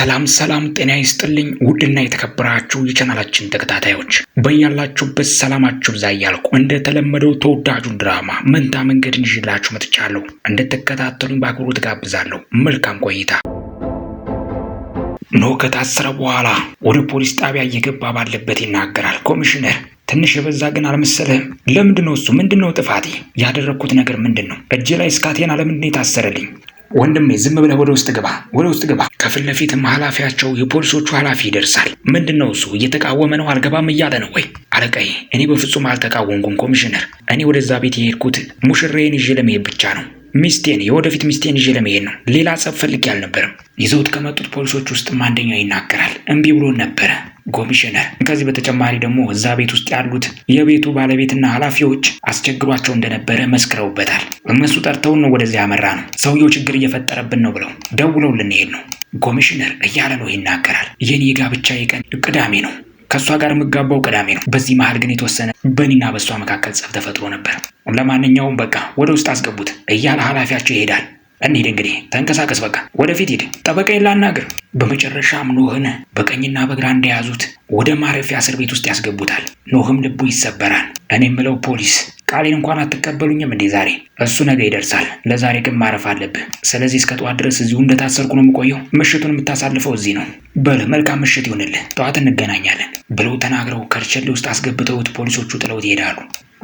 ሰላም ሰላም፣ ጤና ይስጥልኝ ውድና የተከበራችሁ የቻናላችን ተከታታዮች በያላችሁበት ሰላማችሁ ብዛ እያልኩ እንደተለመደው ተወዳጁን ድራማ መንታ መንገድን ይዤላችሁ መጥቻለሁ። እንድትከታተሉኝ በአክብሮት ጋብዛለሁ። መልካም ቆይታ። ኖህ ከታሰረ በኋላ ወደ ፖሊስ ጣቢያ እየገባ ባለበት ይናገራል። ኮሚሽነር ትንሽ የበዛ ግን አልመሰለህም? ለምንድን ነው እሱ? ምንድን ነው ጥፋቴ? ያደረግኩት ነገር ምንድን ነው? እጄ ላይ እስካቴና ለምንድን ነው የታሰረልኝ? ወንድሜ ዝም ብለህ ወደ ውስጥ ግባ፣ ወደ ውስጥ ግባ። ከፊት ለፊትም ኃላፊያቸው የፖሊሶቹ ኃላፊ ይደርሳል። ምንድን ነው እሱ እየተቃወመ ነው አልገባም እያለ ነው ወይ? አለቃዬ፣ እኔ በፍጹም አልተቃወምኩም ኮሚሽነር። እኔ ወደዛ ቤት የሄድኩት ሙሽሬን ይዤ ለመሄድ ብቻ ነው ሚስቴን የወደፊት ሚስቴን ይዤ ለመሄድ ነው። ሌላ ጸብ ፈልጌ አልነበረም። ይዘውት ከመጡት ፖሊሶች ውስጥም አንደኛው ይናገራል። እምቢ ብሎን ነበረ ኮሚሽነር ከዚህ በተጨማሪ ደግሞ እዛ ቤት ውስጥ ያሉት የቤቱ ባለቤትና ኃላፊዎች አስቸግሯቸው እንደነበረ መስክረውበታል። እነሱ ጠርተውን ነው ወደዚያ ያመራ ነው። ሰውየው ችግር እየፈጠረብን ነው ብለው ደውለው ልንሄድ ነው ኮሚሽነር እያለ ነው ይናገራል። የኔ ጋብቻ የቀን ቅዳሜ ነው። ከእሷ ጋር የምጋባው ቅዳሜ ነው። በዚህ መሀል ግን የተወሰነ በኔና በእሷ መካከል ጸብ ተፈጥሮ ነበር። ለማንኛውም በቃ ወደ ውስጥ አስገቡት እያለ ኃላፊያቸው ይሄዳል። እንሂድ እንግዲህ ተንቀሳቀስ፣ በቃ ወደፊት ሂድ፣ ጠበቃዬን ላናግር። በመጨረሻም ኖህን በቀኝና በግራ እንደያዙት ወደ ማረፊያ እስር ቤት ውስጥ ያስገቡታል። ኖህም ልቡ ይሰበራል። እኔ የምለው ፖሊስ ቃሌን እንኳን አትቀበሉኝም እንዴ? ዛሬ እሱ ነገ ይደርሳል። ለዛሬ ግን ማረፍ አለብህ። ስለዚህ እስከ ጠዋት ድረስ እዚሁ እንደታሰርኩ ነው የምቆየው። ምሽቱን የምታሳልፈው እዚህ ነው። በል መልካም ምሽት ይሁንልህ፣ ጠዋት እንገናኛለን ብለው ተናግረው ከርቸሌ ውስጥ አስገብተውት ፖሊሶቹ ጥለውት ይሄዳሉ።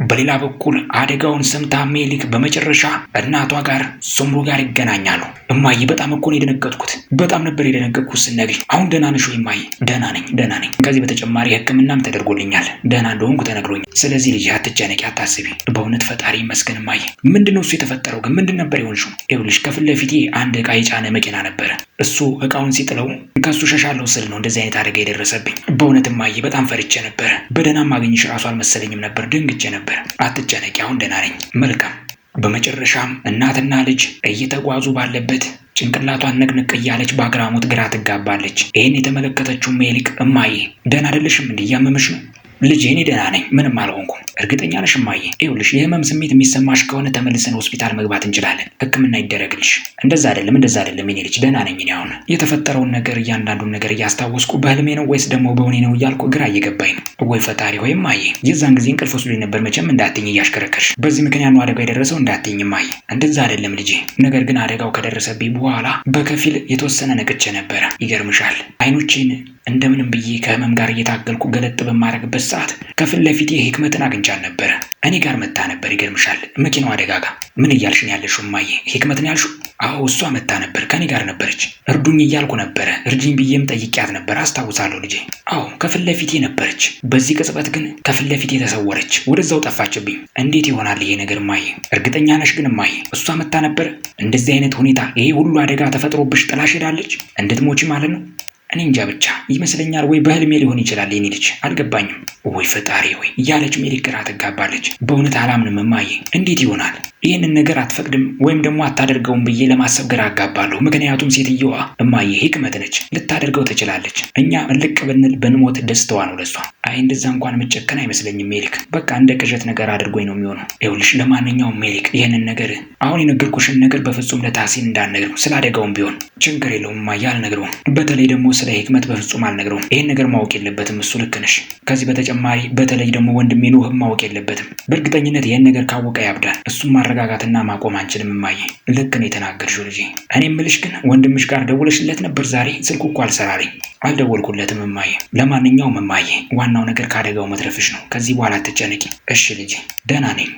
በሌላ በኩል አደጋውን ሰምታ ሜሊክ በመጨረሻ እናቷ ጋር ሶምሮ ጋር ይገናኛሉ። እማዬ በጣም እኮ ነው የደነገጥኩት። በጣም ነበር የደነገጥኩት ስነግኝ። አሁን ደህና ነሽ ወይ እማዬ? ደህና ነኝ፣ ደህና ነኝ። ከዚህ በተጨማሪ ሕክምናም ተደርጎልኛል። ደህና እንደሆንኩ ተነግሮኛል። ስለዚህ ልጅ አትጨነቂ፣ አታስቢ። በእውነት ፈጣሪ ይመስገን እማዬ። ምንድነው እሱ የተፈጠረው ግን ምንድን ነበር የሆንሽው? ይኸውልሽ ከፊት ለፊቴ አንድ እቃ የጫነ መኪና ነበረ። እሱ እቃውን ሲጥለው ከእሱ ሸሻለው ስል ነው እንደዚህ አይነት አደጋ የደረሰብኝ። በእውነት እማዬ በጣም ፈርቼ ነበረ። በደህና ማገኝሽ ራሱ አልመሰለኝም ነበር። ደንግጬ ነበር ነበር። አትጨነቂ፣ አሁን ደህና ነኝ። መልካም። በመጨረሻም እናትና ልጅ እየተጓዙ ባለበት ጭንቅላቷን ነቅንቅ እያለች በአግራሞት ግራ ትጋባለች። ይህን የተመለከተችው ሜሊክ እማዬ ደህና አይደለሽም እንዴ? ነው ልጄ እኔ ደህና ነኝ፣ ምንም አልሆንኩም። እርግጠኛ ነሽ እማዬ? ይኸውልሽ የህመም ስሜት የሚሰማሽ ከሆነ ተመልሰን ሆስፒታል መግባት እንችላለን፣ ህክምና ይደረግልሽ። እንደዛ አይደለም፣ እንደዛ አይደለም የኔ ልጅ፣ ደህና ነኝ እኔ። አሁን የተፈጠረውን ነገር እያንዳንዱን ነገር እያስታወስኩ በህልሜ ነው ወይስ ደግሞ በሆኔ ነው እያልኩ ግራ እየገባኝ ነው። ወይ ፈጣሪ ሆይ እማዬ፣ የዛን ጊዜ እንቅልፍ ወስዶኝ ነበር መቼም። እንዳትኝ እያሽከረከርሽ፣ በዚህ ምክንያት ነው አደጋ የደረሰው። እንዳትኝ እማዬ፣ እንደዛ አይደለም ልጄ። ነገር ግን አደጋው ከደረሰብኝ በኋላ በከፊል የተወሰነ ነቅቼ ነበረ። ይገርምሻል አይኖቼን እንደምንም ብዬ ከህመም ጋር እየታገልኩ ገለጥ በማድረግበት ሰዓት ከፊት ለፊቴ ህክመትን አግኝቻት ነበረ። እኔ ጋር መታ ነበር። ይገርምሻል፣ መኪናው አደጋ ጋ ምን እያልሽን ነው እማዬ ህክመት አዎ እሷ መታ ነበር፣ ከኔ ጋር ነበረች። እርዱኝ እያልኩ ነበረ። እርጅኝ ብዬም ጠይቂያት ነበር፣ አስታውሳለሁ ልጄ። አዎ ከፊት ለፊቴ ነበረች። በዚህ ቅጽበት ግን ከፊት ለፊቴ ተሰወረች፣ ወደዛው ጠፋችብኝ። እንዴት ይሆናል ይሄ ነገር እማዬ? እርግጠኛ ነሽ ግን እማዬ እሷ መታ ነበር? እንደዚህ አይነት ሁኔታ ይሄ ሁሉ አደጋ ተፈጥሮብሽ ጥላሽ ሄዳለች? እንድትሞች ማለት ነው? እኔ እንጃ ብቻ ይመስለኛል፣ ወይ በህልሜ ሊሆን ይችላል። የኔ ልጅ አልገባኝም። ወይ ፈጣሪ ወይ እያለች ሜሪ ግራ ትጋባለች። በእውነት አላምንም እማዬ፣ እንዴት ይሆናል? ይህንን ነገር አትፈቅድም ወይም ደግሞ አታደርገውም ብዬ ለማሰብ ግራ አጋባለሁ። ምክንያቱም ሴትየዋ እማዬ ህክመት ነች፣ ልታደርገው ትችላለች። እኛ ልቅ ብንል ብንሞት ደስተዋ ነው ለሷ። አይ እንደዛ እንኳን መጨከን አይመስለኝም ሜሊክ። በቃ እንደ ቅዠት ነገር አድርጎኝ ነው የሚሆነው። ይኸውልሽ፣ ለማንኛውም ሜሊክ ይህንን ነገር አሁን የነገርኩሽን ነገር በፍጹም ለታሲን እንዳልነግረው ስላደጋውም ቢሆን ችግር የለውም እማዬ፣ አልነግረውም። በተለይ ደግሞ ስለ ህክመት በፍጹም አልነግረውም። ይህን ነገር ማወቅ የለበትም እሱ ልክ ነሽ። ከዚህ በተጨማሪ በተለይ ደግሞ ወንድሜ ኖህም ማወቅ የለበትም። በእርግጠኝነት ይህን ነገር ካወቀ ያብዳል። እሱም ማድረግ መረጋጋትና ማቆም አንችልም እማዬ። ልክ ነው የተናገርሽው ልጄ። እኔ እምልሽ ግን ወንድምሽ ጋር ደውለሽለት ነበር ዛሬ? ስልኩ እኮ አልሰራልኝ። አልደወልኩለትም እማዬ። ለማንኛውም እማዬ፣ ዋናው ነገር ከአደጋው መትረፍሽ ነው። ከዚህ በኋላ ተጨነቂ እሺ ልጄ። ደህና ነኝ።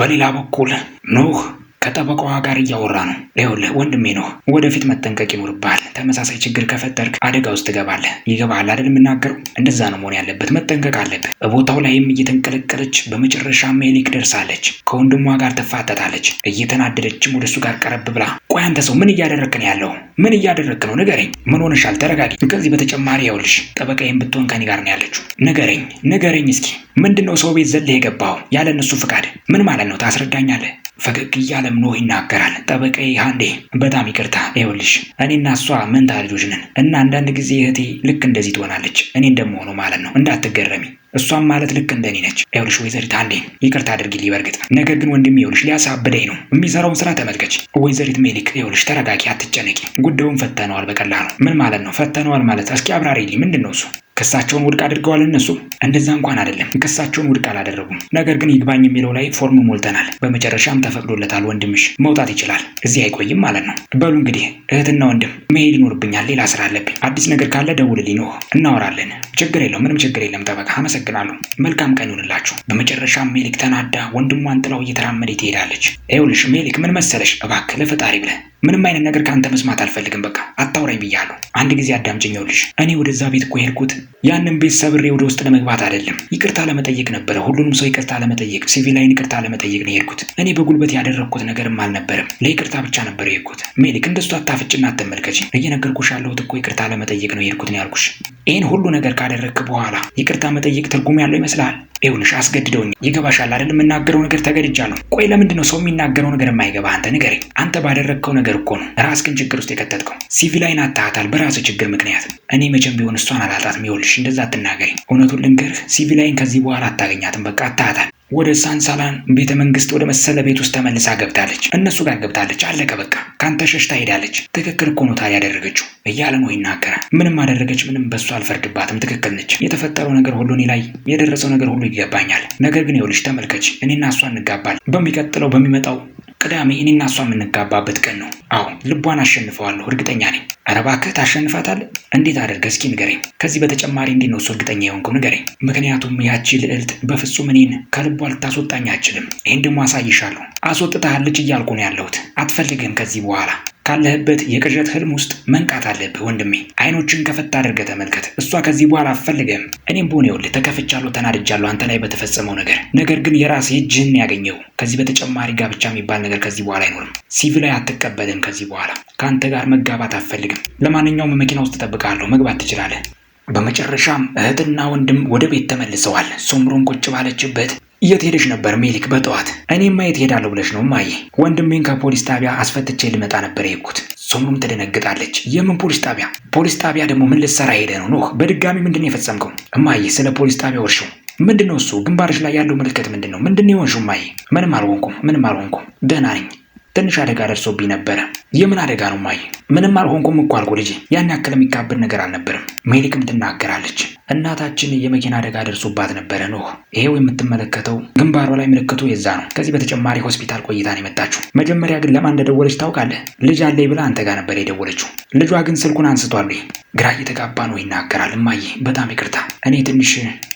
በሌላ በኩል ኖህ ከጠበቃዋ ጋር እያወራ ነው። ይኸውልህ ወንድሜ ነው፣ ወደፊት መጠንቀቅ ይኖርብሃል። ተመሳሳይ ችግር ከፈጠርክ አደጋ ውስጥ ትገባለህ። ይገባሃል አይደል? የምናገረው እንደዛ ነው መሆን ያለበት። መጠንቀቅ አለብህ። ቦታው ላይም እየተንቀለቀለች በመጨረሻ ሜሊክ ደርሳለች። ከወንድሟ ጋር ትፋተታለች። እየተናደደችም ወደሱ ጋር ቀረብ ብላ ቆይ አንተ ሰው ምን እያደረክ ነው ያለው? ምን እያደረክ ነው? ንገረኝ። ምን ሆነሻል? ተረጋጊ። ከዚህ በተጨማሪ ይኸውልሽ ጠበቃዬም ብትሆን ከኔ ጋር ነው ያለችው። ንገረኝ፣ ንገረኝ እስኪ ምንድነው ሰው ቤት ዘለ የገባው ያለ እነሱ ፍቃድ? ምን ማለት ነው? ታስረዳኛለህ? ፈገግ እያለም ኖህ ይናገራል። ጠበቃዬ ሃንዴ በጣም ይቅርታ፣ ይኸውልሽ እኔና እሷ መንታ ልጆች ነን እና አንዳንድ ጊዜ እህቴ ልክ እንደዚህ ትሆናለች። እኔ እንደመሆኑ ማለት ነው። እንዳትገረሚ እሷም ማለት ልክ እንደኔ ነች። ይኸውልሽ ወይዘሪት አንዴ ይቅርታ አድርጊልኝ። በርግጥ ነገር ግን ወንድሜ ይኸውልሽ ሊያሳብደኝ ነው። የሚሰራውን ስራ ተመልከች። ወይዘሪት ሜሊክ ይኸውልሽ ተረጋጊ፣ አትጨነቂ። ጉዳዩን ፈተነዋል። በቀላሉ ምን ማለት ነው ፈተነዋል ማለት? እስኪ አብራሪልኝ፣ ምንድን ነው እሱ? ክሳቸውን ውድቅ አድርገዋል። እነሱ እንደዛ እንኳን አይደለም፣ ክሳቸውን ውድቅ አላደረጉም። ነገር ግን ይግባኝ የሚለው ላይ ፎርም ሞልተናል። በመጨረሻም ተፈቅዶለታል። ወንድምሽ መውጣት ይችላል፣ እዚህ አይቆይም ማለት ነው። በሉ እንግዲህ እህትና ወንድም መሄድ ይኖርብኛል፣ ሌላ ስራ አለብኝ። አዲስ ነገር ካለ ደውልልኝ፣ እናወራለን። ችግር የለው፣ ምንም ችግር የለም። ጠበቃ አመሰግናለሁ። መልካም ቀን ይሁንላችሁ። በመጨረሻም ሜሊክ ተናዳ ወንድሟን ጥላው እየተራመደ ትሄዳለች። ይኸውልሽ ሜሊክ፣ ምን መሰለሽ፣ እባክህ ለፈጣሪ ብለህ ምንም አይነት ነገር ከአንተ መስማት አልፈልግም። በቃ አታውራኝ ብያለሁ። አንድ ጊዜ አዳምጪኝ። ይኸውልሽ እኔ ወደዛ ቤት እኮ ሄድኩት ያንን ቤት ሰብሬ ወደ ውስጥ ለመግባት አይደለም፣ ይቅርታ ለመጠየቅ ነበረ። ሁሉንም ሰው ይቅርታ ለመጠየቅ ሲቪላይን ይቅርታ ለመጠየቅ ነው የሄድኩት። እኔ በጉልበት ያደረግኩት ነገርም አልነበረም፣ ለይቅርታ ብቻ ነበር የሄድኩት። ሜሊክ እንደሱ አታፍጭና አትመልከች። እየነገርኩሽ ያለሁት እኮ ይቅርታ ለመጠየቅ ነው የሄድኩት ነው ያልኩሽ። ይህን ሁሉ ነገር ካደረግክ በኋላ ይቅርታ መጠየቅ ትርጉም ያለው ይመስልሃል? ይኸውልሽ አስገድደውኝ። ይገባሻል አይደል? የምናገረው ነገር ተገድጃለሁ። ቆይ ለምንድን ነው ሰው የሚናገረው ነገር የማይገባ? አንተ ንገረኝ። አንተ ባደረግከው ነገር እኮ ነው ራስህን ችግር ውስጥ የከተትከው። ሲቪላይን አታሃታል በራስህ ችግር ምክንያት። እኔ መቼም ቢሆን እሷን አላጣትም ይኸውልሽ እንደዛ አትናገሪኝ። እውነቱን ልንገርህ ሲቪላይን ከዚህ በኋላ አታገኛትም። በቃ አታታል። ወደ ሳንሳላን ቤተ መንግስት ወደ መሰለ ቤት ውስጥ ተመልሳ ገብታለች። እነሱ ጋር ገብታለች። አለቀ በቃ። ካንተ ሸሽታ ሄዳለች። ትክክል እኮ ነው ታዲያ ያደረገችው እያለ ነው ይናገራል። ምንም አደረገች ምንም በሱ አልፈርድባትም። ትክክል ነች። የተፈጠረው ነገር ሁሉ እኔ ላይ የደረሰው ነገር ሁሉ ይገባኛል። ነገር ግን ይኸውልሽ ተመልከች፣ እኔና እሷ እንጋባል በሚቀጥለው በሚመጣው ቅዳሜ እኔና እሷ የምንጋባበት ቀን ነው። አዎ ልቧን አሸንፈዋለሁ፣ እርግጠኛ ነኝ። ኧረ እባክህ ታሸንፋታለህ? እንዴት አደርገ እስኪ ንገረኝ። ከዚህ በተጨማሪ እንዴት ነው እሱ እርግጠኛ የሆንከው ንገረኝ። ምክንያቱም ያቺ ልዕልት በፍጹም እኔን ከልቧ ልታስወጣኝ አችልም። ይህን ደግሞ አሳይሻለሁ። ልጅ እያልኩ ነው ያለሁት። አትፈልግም ከዚህ በኋላ ካለህበት የቅዠት ህልም ውስጥ መንቃት አለብህ ወንድሜ። አይኖችን ከፈት አድርገህ ተመልከት። እሷ ከዚህ በኋላ አፈልገም እኔም በሆነ ይኸውልህ ተከፍቻለሁ፣ ተናድጃለሁ አንተ ላይ በተፈጸመው ነገር። ነገር ግን የራስ እጅህን ያገኘው። ከዚህ በተጨማሪ ጋብቻ የሚባል ነገር ከዚህ በኋላ አይኖርም። ሲቪ ላይ አትቀበልም ከዚህ በኋላ ከአንተ ጋር መጋባት አትፈልግም። ለማንኛውም መኪና ውስጥ ጠብቃለሁ መግባት ትችላለህ። በመጨረሻም እህትና ወንድም ወደ ቤት ተመልሰዋል። ሱምሩን ቁጭ ባለችበት የት ሄደሽ ነበር ሜሊክ? በጠዋት እኔማ የት ሄዳለሁ ብለሽ ነው ማየ? ወንድሜን ከፖሊስ ጣቢያ አስፈትቼ ልመጣ ነበር የሄድኩት። ሱምሩም ትደነግጣለች። የምን ፖሊስ ጣቢያ? ፖሊስ ጣቢያ ደግሞ ምን ልትሰራ ሄደ ነው? ኖህ በድጋሚ ምንድን ነው የፈጸምከው? እማዬ ስለ ፖሊስ ጣቢያ ወርሽው ምንድን ነው እሱ? ግንባርሽ ላይ ያለው ምልክት ምንድን ነው? ምንድን ነው የሆንሽው? እማዬ ምንም አልሆንኩም፣ ምንም አልሆንኩም፣ ደህና ነኝ። ትንሽ አደጋ ደርሶብኝ ነበረ። የምን አደጋ ነው ማይ? ምንም አልሆንኩም እኮ አልኩ ልጄ። ያን ያክል የሚካብድ ነገር አልነበርም። ሜሊክም ትናገራለች። እናታችን የመኪና አደጋ ደርሶባት ነበረ። ኖህ ይሄው የምትመለከተው ግንባሯ ላይ ምልክቱ የዛ ነው። ከዚህ በተጨማሪ ሆስፒታል ቆይታ ነው የመጣችው። መጀመሪያ ግን ለማን እንደደወለች ታውቃለህ? ልጅ አለኝ ብላ አንተ ጋር ነበር የደወለችው። ልጇ ግን ስልኩን አንስቷል። ግራ እየተጋባ ነው ይናገራል። እማዬ በጣም ይቅርታ፣ እኔ ትንሽ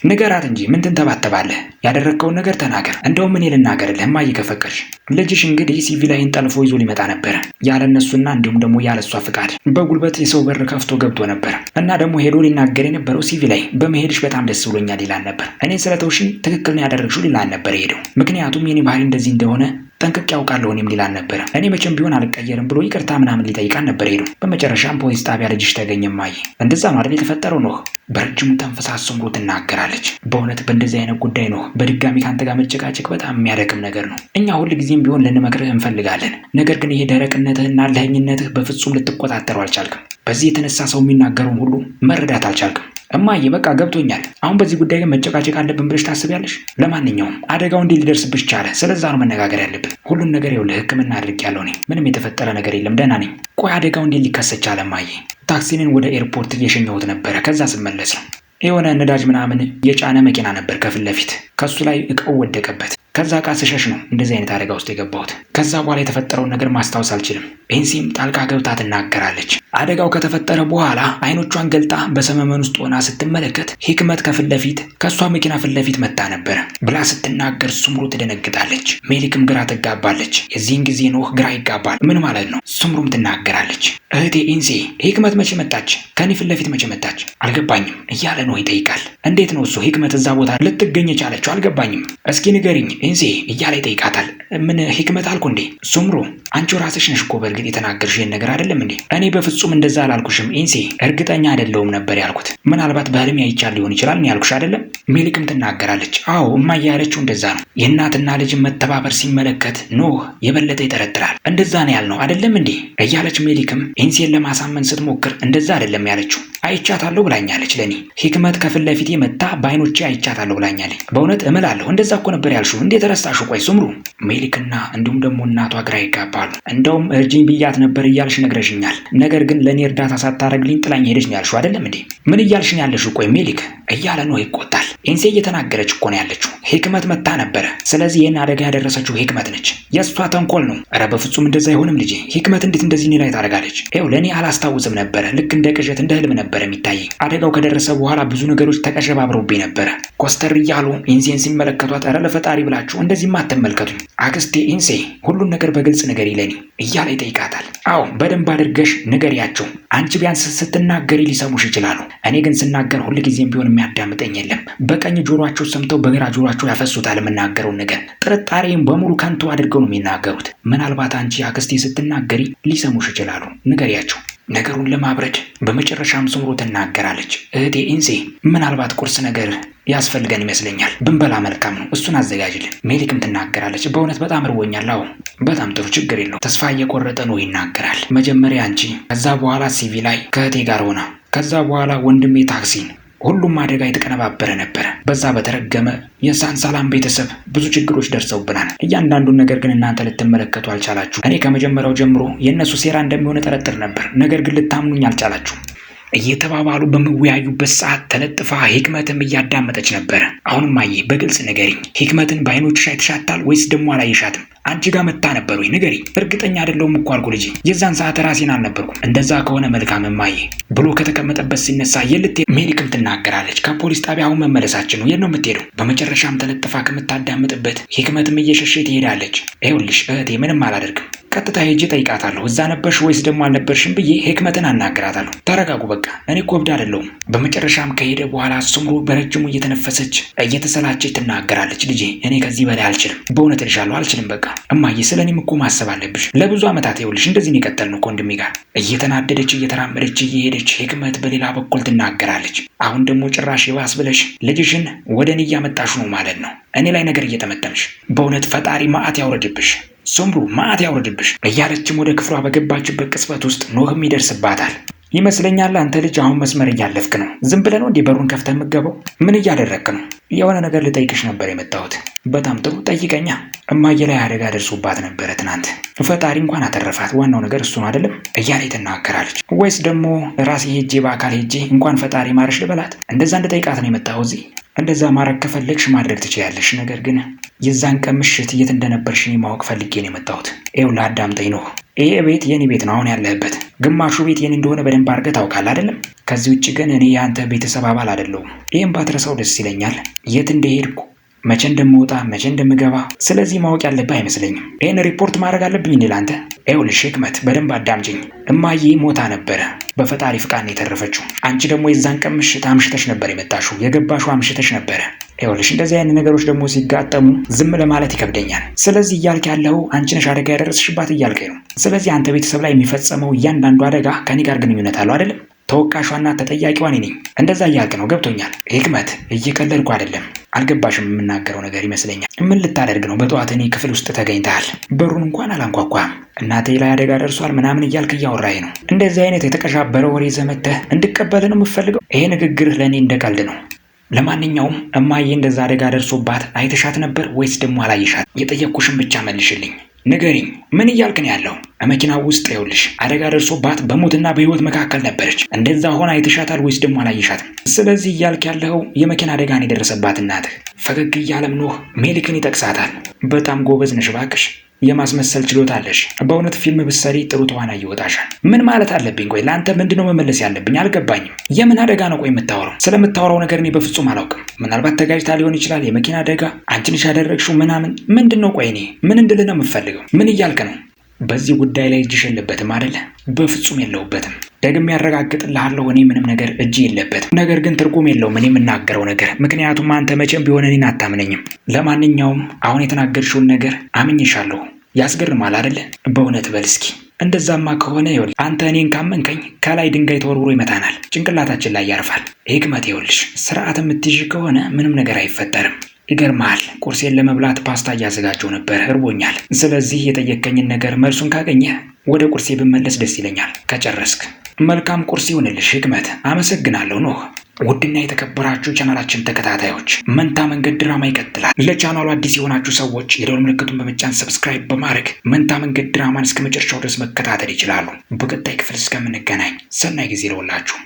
ንገራት እንጂ ምን ትንተባተባለህ? ያደረግከውን ነገር ተናገር። እንደውም እኔ ልናገርልህ እማዬ ከፈቀድሽ። ልጅሽ እንግዲህ ላይን ጠልፎ ይዞ ሊመጣ ነበረ ያለ እነሱና እንዲሁም ደግሞ ያለ እሷ ፍቃድ በጉልበት የሰው በር ከፍቶ ገብቶ ነበር እና ደግሞ ሄዶ ሊናገር የነበረው ላይ ላይ በመሄድሽ በጣም ደስ ብሎኛል ይላል ነበር። እኔን ስለተውሽኝ ትክክል ነው ያደረግሽው ይላል ነበር የሄደው። ምክንያቱም የኔ ባህሪ እንደዚህ እንደሆነ ጠንቅቅ ያውቃለሁ እኔም ሊላል ነበረ። እኔ መቼም ቢሆን አልቀየርም ብሎ ይቅርታ ምናምን ሊጠይቃል ነበር ሄደው። በመጨረሻም ፖሊስ ጣቢያ ልጅሽ ተገኘ ማየ እንደዛ ማለት የተፈጠረው ነው በረጅሙ ተንፈሳ ትናገራለች። በእውነት በእንደዚህ አይነት ጉዳይ ነው በድጋሚ ከአንተ ጋር መጨቃጨቅ በጣም የሚያደክም ነገር ነው። እኛ ጊዜም ቢሆን ልንመክርህ እንፈልጋለን። ነገር ግን ይሄ ደረቅነትህና ለህኝነትህ በፍጹም ልትቆጣጠሩ አልቻልክም። በዚህ የተነሳ ሰው የሚናገረውን ሁሉ መረዳት አልቻልክም። እማዬ በቃ ገብቶኛል። አሁን በዚህ ጉዳይ ግን መጨቃጨቅ አለብን ብለሽ ታስቢያለሽ? ለማንኛውም አደጋው እንዴት ሊደርስብሽ ቻለ? ስለዛ ነው መነጋገር ያለብን። ሁሉን ነገር ይኸውልህ ሕክምና ያለው እኔ ምንም የተፈጠረ ነገር የለም፣ ደህና ነኝ። ቆይ አደጋው እንዴት ሊከሰት ቻለ እማዬ? ታክሲንን ወደ ኤርፖርት እየሸኘሁት ነበረ። ከዛ ስመለስ ነው የሆነ ነዳጅ ምናምን የጫነ መኪና ነበር ከፊት ለፊት ከሱ ላይ እቃው ወደቀበት። ከዛ ዕቃ ስሸሽ ነው እንደዚህ አይነት አደጋ ውስጥ የገባሁት። ከዛ በኋላ የተፈጠረውን ነገር ማስታወስ አልችልም። ኤንሲም ጣልቃ ገብታ ትናገራለች። አደጋው ከተፈጠረ በኋላ አይኖቿን ገልጣ በሰመመን ውስጥ ሆና ስትመለከት ሂክመት ከፊት ለፊት ከእሷ መኪና ፊት ለፊት መታ ነበረ ብላ ስትናገር ስምሩ ትደነግጣለች። ሜሊክም ግራ ትጋባለች። የዚህን ጊዜ ኖህ ግራ ይጋባል። ምን ማለት ነው? ስምሩም ትናገራለች። እህቴ ኤንሲ ሂክመት መቼ መጣች? ከኔ ፊት ለፊት መቼ መጣች? አልገባኝም እያለ ኖህ ይጠይቃል። እንዴት ነው እሱ ሂክመት እዛ ቦታ ልትገኝ የቻለችው? አልገባኝም። እስኪ ንገሪኝ ኢንዚ እያለ ይጠይቃታል። ምን ሂክመት አልኩ እንዴ? ሱምሩ አንቺ ራስሽ ነሽ እኮ በእርግጥ የተናገርሽ ይህን ነገር አይደለም እንዴ? እኔ በፍጹም እንደዛ አላልኩሽም ኢንዚ፣ እርግጠኛ አይደለውም ነበር ያልኩት። ምናልባት በህልም ያይቻል ሊሆን ይችላል ያልኩሽ አይደለም። ሜሊክም ትናገራለች። አዎ እማዬ ያለችው እንደዛ ነው። የእናትና ልጅን መተባበር ሲመለከት ኖህ የበለጠ ይጠረጥራል። እንደዛ ነው ያልነው አይደለም እንዴ? እያለች ሜሊክም ኢንሴን ለማሳመን ስትሞክር እንደዛ አይደለም ያለችው አይቻታለሁ ብላኛለች። ለእኔ ሂክመት ከፊት ለፊቴ መታ በአይኖቼ አይቻታለሁ ብላኛለች። በእውነት እምላለሁ እንደዛ እኮ ነበር ያልሽው እንዴት ረሳሽ? ቆይ ስምሩ ሜሊክና እንዲሁም ደግሞ እናቷ ግራ ይጋባሉ። እንደውም እርጅኝ ብያት ነበር እያልሽ ነግረሽኛል። ነገር ግን ለእኔ እርዳታ ሳታረግልኝ ጥላኝ ሄደች ነው ያልሽው አይደለም እንዴ? ምን እያልሽ ነው ያለሽው? ቆይ ሜሊክ እያለ ነው ይቆጣል። ኢንሴ እየተናገረች እኮ ነው ያለችው። ሂክመት መታ ነበረ። ስለዚህ ይህን አደጋ ያደረሰችው ሂክመት ነች። የእሷ ተንኮል ነው። እረ በፍጹም እንደዛ አይሆንም ልጄ። ሂክመት እንዴት እንደዚህ እኔ ላይ ታደርጋለች? ይኸው ለእኔ አላስታውስም ነበረ። ልክ እንደ ቅዠት እንደ ህልም ነበረ የሚታይ። አደጋው ከደረሰ በኋላ ብዙ ነገሮች ተቀሸባብረውብኝ ነበረ። ኮስተር እያሉ ኢንሴን ሲመለከቷት፣ ኧረ ለፈጣሪ ብላችሁ እንደዚህ አትመልከቱኝ አክስቴ ኢንሴ፣ ሁሉን ነገር በግልጽ ንገሪ ለኔ እያለ ይጠይቃታል። አዎ በደንብ አድርገሽ ንገሪያቸው። አንቺ ቢያንስ ስትናገሪ ሊሰሙሽ ይችላሉ። እኔ ግን ስናገር ሁልጊዜም ቢሆን የሚያዳምጠኝ የለም። በቀኝ ጆሯቸው ሰምተው በግራ ጆሯቸው ያፈሱታል የምናገረውን ነገር። ጥርጣሬም በሙሉ ከንቱ አድርገው ነው የሚናገሩት። ምናልባት አንቺ አክስቴ ስትናገሪ ሊሰሙሽ ይችላሉ፣ ንገሪያቸው። ነገሩን ለማብረድ በመጨረሻም ስምሮ ትናገራለች። እህቴ ኢንሴ ምናልባት ቁርስ ነገር ያስፈልገን ይመስለኛል። ብንበላ መልካም ነው። እሱን አዘጋጅልን። ሜሊክም ትናገራለች። በእውነት በጣም እርቦኛል። አዎ በጣም ጥሩ፣ ችግር የለው። ተስፋ እየቆረጠ ነው ይናገራል። መጀመሪያ አንቺ፣ ከዛ በኋላ ሲቪ ላይ ከእህቴ ጋር ሆና ከዛ በኋላ ወንድሜ ታክሲን ሁሉም አደጋ የተቀነባበረ ነበረ። በዛ በተረገመ የሳንሳላም ቤተሰብ ብዙ ችግሮች ደርሰውብናል። እያንዳንዱን ነገር ግን እናንተ ልትመለከቱ አልቻላችሁ። እኔ ከመጀመሪያው ጀምሮ የእነሱ ሴራ እንደሚሆን ጠረጥር ነበር፣ ነገር ግን ልታምኑኝ አልቻላችሁ። እየተባባሉ በሚወያዩበት ሰዓት ተለጥፋ ህክመትም እያዳመጠች ነበር አሁንም አየህ፣ በግልጽ ንገሪኝ፣ ሂክመትን በአይኖችሽ አይተሻታል ወይስ ደግሞ አላየሻትም? አንቺ ጋር መታ ነበር ወይ? ንገሪኝ። እርግጠኛ አይደለሁም እኮ አልኩ ልጄ፣ የዛን ሰዓት ራሴን አልነበርኩም። እንደዛ ከሆነ መልካም ማየ ብሎ ከተቀመጠበት ሲነሳ የልት ሜሊክም ትናገራለች። ከፖሊስ ጣቢያ አሁን መመለሳችን ነው፣ የት ነው የምትሄደው? በመጨረሻም ተለጥፋ ከምታዳምጥበት ህክመትም እየሸሸ ትሄዳለች። ይኸውልሽ እህቴ፣ ምንም አላደርግም ቀጥታ ሄጄ ጠይቃታለሁ። እዛ ነበርሽ ወይስ ደግሞ አልነበርሽም ብዬ ህክመትን አናግራታለሁ። ተረጋጉ በቃ እኔ እኮ እብድ አይደለሁም። በመጨረሻም ከሄደ በኋላ ስምሩ በረጅሙ እየተነፈሰች እየተሰላቸች ትናገራለች። ልጄ እኔ ከዚህ በላይ አልችልም፣ በእውነት እልሻለሁ አልችልም። በቃ እማዬ ስለ እኔም እኮ ማሰብ አለብሽ። ለብዙ ዓመታት ይኸውልሽ እንደዚህ ነው የቀጠልነው ከወንድሜ ጋር። እየተናደደች እየተራመደች እየሄደች ህክመት በሌላ በኩል ትናገራለች። አሁን ደግሞ ጭራሽ የባስ ብለሽ ልጅሽን ወደ እኔ እያመጣሽ ነው ማለት ነው። እኔ ላይ ነገር እየተመጠምሽ፣ በእውነት ፈጣሪ መዓት ያውረድብሽ። ሶምሩ ማት ያውርድብሽ እያለችም ወደ ክፍሏ በገባችበት ቅጽበት ውስጥ ኖህም ይደርስባታል። ይመስለኛል አንተ ልጅ አሁን መስመር እያለፍክ ነው። ዝም ብለህ ነው እንዲህ በሩን ከፍተህ የምትገባው? ምን እያደረግክ ነው? የሆነ ነገር ልጠይቅሽ ነበር የመጣሁት። በጣም ጥሩ ጠይቀኛ። እማዬ ላይ አደጋ ደርሶባት ነበረ ትናንት። ፈጣሪ እንኳን አተረፋት። ዋናው ነገር እሱ ነው አይደለም? እያለ ትናገራለች። ወይስ ደግሞ ራሴ ሄጄ በአካል ሄጄ እንኳን ፈጣሪ ማረሽ ልበላት? እንደዛ እንድጠይቃት ነው የመጣሁ እዚህ። እንደዛ ማድረግ ከፈለግሽ ማድረግ ትችያለሽ። ነገር ግን የዛን ቀን ምሽት የት እንደነበርሽ ማወቅ ፈልጌ ነው የመጣሁት። ይኸውልህ አዳምጠኝ ነው። ይሄ ቤት የኔ ቤት ነው አሁን ያለህበት ግማሹ ቤት የኔ እንደሆነ በደንብ አድርገህ ታውቃለህ አይደለም? ከዚህ ውጭ ግን እኔ የአንተ ቤተሰብ አባል አይደለሁም። ይህም ባትረሳው ደስ ይለኛል። የት እንደሄድኩ መቼ እንደምወጣ መቼ እንደምገባ፣ ስለዚህ ማወቅ ያለብህ አይመስለኝም። ይህን ሪፖርት ማድረግ አለብኝ እንዴ አንተ? ይኸውልሽ ህክመት፣ በደንብ አዳምጭኝ እማዬ ሞታ ነበረ፣ በፈጣሪ ፍቃድ ነው የተረፈችው። አንቺ ደግሞ የዛን ቀን ምሽት አምሽተሽ ነበር የመጣሽው፣ የገባሽው አምሽተሽ ነበረ። ይኸውልሽ እንደዚህ አይነት ነገሮች ደግሞ ሲጋጠሙ ዝም ለማለት ይከብደኛል። ስለዚህ እያልክ ያለው አንቺ ነሽ አደጋ ያደረስሽባት እያልከኝ ነው። ስለዚህ አንተ ቤተሰብ ላይ የሚፈጸመው እያንዳንዱ አደጋ ከኔ ጋር ግንኙነት አለው አይደለም? ተወቃሿና ተጠያቂዋ እኔ ነኝ። እንደዛ እያልክ ነው። ገብቶኛል። ህክመት፣ እየቀለድኩ አይደለም። አልገባሽም። የምናገረው ነገር ይመስለኛል። ምን ልታደርግ ነው? በጠዋት እኔ ክፍል ውስጥ ተገኝተሃል። በሩን እንኳን አላንኳኳም። እናቴ ላይ አደጋ ደርሷል ምናምን እያልክ እያወራኝ ነው። እንደዚህ አይነት የተቀሻበረ ወሬ ዘመተህ እንድቀበል ነው የምፈልገው። ይሄ ንግግርህ ለእኔ እንደ ቀልድ ነው። ለማንኛውም እማዬ እንደዛ አደጋ ደርሶባት አይተሻት ነበር ወይስ ደግሞ አላየሻት? የጠየቅኩሽን ብቻ መልሽልኝ። ንገሪኝ፣ ምን እያልክን ያለው? መኪናው ውስጥ ይኸውልሽ፣ አደጋ ደርሶባት በሞትና በህይወት መካከል ነበረች። እንደዛ ሆነ አይተሻታል ወይስ ደግሞ አላየሻትም? ስለዚህ እያልክ ያለኸው የመኪና አደጋን የደረሰባት እናትህ። ፈገግ እያለም ኖህ ሜሊክን ይጠቅሳታል። በጣም ጎበዝ ነሽ እባክሽ የማስመሰል ችሎታ አለሽ። በእውነት ፊልም ብትሰሪ ጥሩ ተዋናይ ይወጣሻል። ምን ማለት አለብኝ? ቆይ ለአንተ ምንድነው መመለስ ያለብኝ? አልገባኝም። የምን አደጋ ነው ቆይ የምታወራው? ስለምታወራው ነገር እኔ በፍጹም አላውቅም። ምናልባት ተጋጅታ ሊሆን ይችላል፣ የመኪና አደጋ፣ አንቺ ልጅ ያደረግሽው ምናምን። ምንድን ነው ቆይ እኔ ምን እንድልህ ነው የምፈልገው? ምን እያልክ ነው? በዚህ ጉዳይ ላይ እጅሽ የለበትም አደለ? በፍጹም የለውበትም? ደግሜ ያረጋግጥልሃለሁ እኔ ምንም ነገር እጅ የለበትም። ነገር ግን ትርጉም የለውም እኔ የምናገረው ነገር፣ ምክንያቱም አንተ መቼም ቢሆን እኔን አታምነኝም። ለማንኛውም አሁን የተናገርሽውን ነገር አምኝሻለሁ። ያስገርማል አደለ? በእውነት በል እስኪ። እንደዛማ ከሆነ ይኸውልህ አንተ እኔን ካመንከኝ ከላይ ድንጋይ ተወርውሮ ይመታናል፣ ጭንቅላታችን ላይ ያርፋል። ህክመት ይኸውልሽ፣ ስርዓት የምትይዥ ከሆነ ምንም ነገር አይፈጠርም። ይገርመሃል፣ ቁርሴን ለመብላት ፓስታ እያዘጋጀው ነበር፣ እርቦኛል። ስለዚህ የጠየቀኝን ነገር መልሱን ካገኘህ ወደ ቁርሴ ብመለስ ደስ ይለኛል። ከጨረስክ መልካም ቁርስ ይሁንልሽ ህክመት። አመሰግናለሁ ኖህ። ውድና የተከበራችሁ ቻናላችን ተከታታዮች መንታ መንገድ ድራማ ይቀጥላል። ለቻናሉ አዲስ የሆናችሁ ሰዎች የደወል ምልክቱን በመጫን ሰብስክራይብ በማድረግ መንታ መንገድ ድራማን እስከ መጨረሻው ድረስ መከታተል ይችላሉ። በቀጣይ ክፍል እስከምንገናኝ ሰናይ ጊዜ ለውላችሁ